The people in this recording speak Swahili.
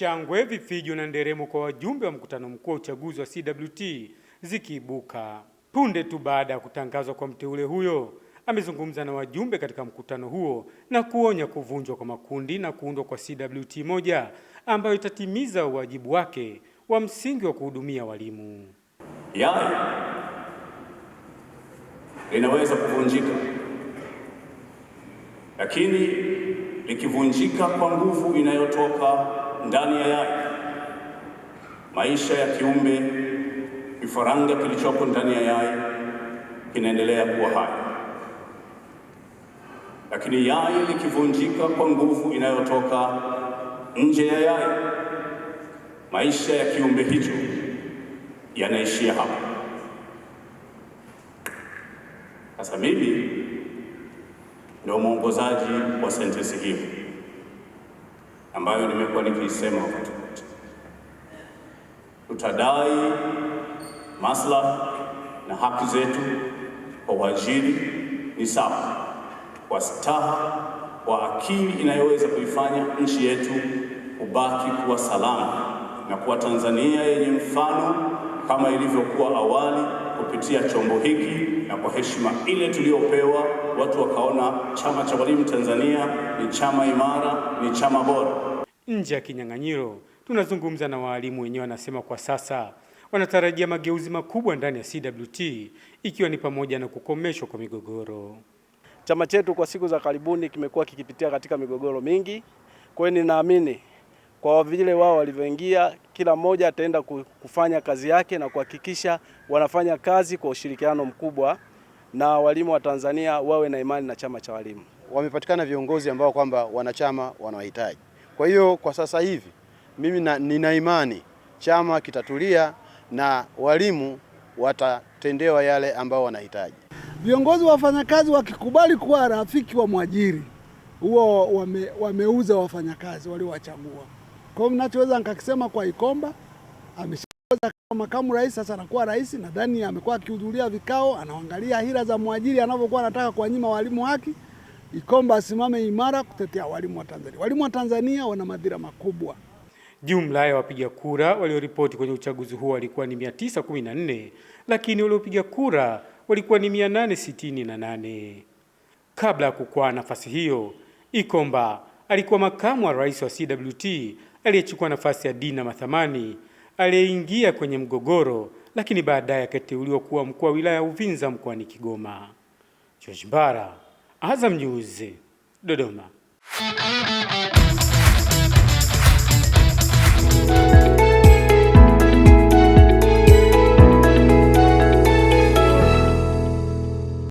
shangwe, vifijo na nderemo kwa wajumbe wa mkutano mkuu wa uchaguzi wa CWT zikiibuka punde tu baada ya kutangazwa kwa mteule huyo. Amezungumza na wajumbe katika mkutano huo na kuonya kuvunjwa kwa makundi na kuundwa kwa CWT moja ambayo itatimiza wajibu wake wa msingi wa kuhudumia walimu. Yai linaweza kuvunjika, lakini likivunjika kwa nguvu inayotoka ndani ya yai, maisha ya kiumbe kifaranga kilichopo ndani ya yai kinaendelea kuwa hai, lakini yai likivunjika kwa nguvu inayotoka nje ya yai, maisha ya kiumbe hicho yanaishia hapo. Sasa mimi ndio mwongozaji wa sentensi hii ambayo nimekuwa nikiisema wakati wote, tutadai maslahi na haki zetu kwa uajiri ni sawa, kwa staha, kwa akili inayoweza kuifanya nchi yetu kubaki kuwa salama na kuwa Tanzania yenye mfano kama ilivyokuwa awali kupitia chombo hiki na kwa heshima ile tuliyopewa, watu wakaona Chama cha Walimu Tanzania ni chama imara, ni chama bora nje ya kinyang'anyiro. Tunazungumza na waalimu wenyewe, wanasema kwa sasa wanatarajia mageuzi makubwa ndani ya CWT ikiwa ni pamoja na kukomeshwa kwa migogoro. Chama chetu kwa siku za karibuni kimekuwa kikipitia katika migogoro mingi, kwa hiyo ninaamini kwa vile wao walivyoingia, kila mmoja ataenda kufanya kazi yake na kuhakikisha wanafanya kazi kwa ushirikiano mkubwa, na walimu wa Tanzania wawe na imani na chama cha walimu. Wamepatikana viongozi ambao kwamba wanachama wanawahitaji. Kwa hiyo kwa sasa hivi mimi nina imani chama kitatulia na walimu watatendewa yale ambao wanahitaji. Viongozi wa wafanyakazi wakikubali kuwa rafiki wa mwajiri, huo wame, wameuza wafanyakazi waliowachagua. Kwa hiyo mnachoweza nikakisema kwa Ikomba ameshaanza kama makamu rais, sasa anakuwa rais. Nadhani amekuwa akihudhuria vikao, anaangalia hila za mwajiri anavyokuwa anataka kuwanyima walimu haki. Ikomba asimame imara kutetea walimu wa Tanzania. Walimu wa Tanzania wana madhira makubwa. Jumla ya wapiga kura walioripoti kwenye uchaguzi huo walikuwa ni 914 lakini waliopiga kura walikuwa ni 868. Kabla ya kukwaa nafasi hiyo, Ikomba alikuwa makamu wa rais wa CWT aliyechukua nafasi ya Dina Mathamani aliyeingia kwenye mgogoro, lakini baadaye akateuliwa kuwa mkuu wa wilaya ya Uvinza mkoani Kigoma. George Mbara Azam News Dodoma.